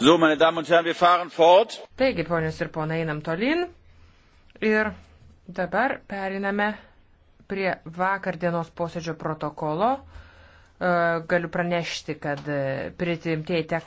So, meine Damen und Herren, wir fahren fort. Taigi, ponios ir ponai, einam tolin. Ir dabar periname prie vakar dienos posėdžio protokolo. E, galiu pranešti, kad e, pritimtieji tekstai.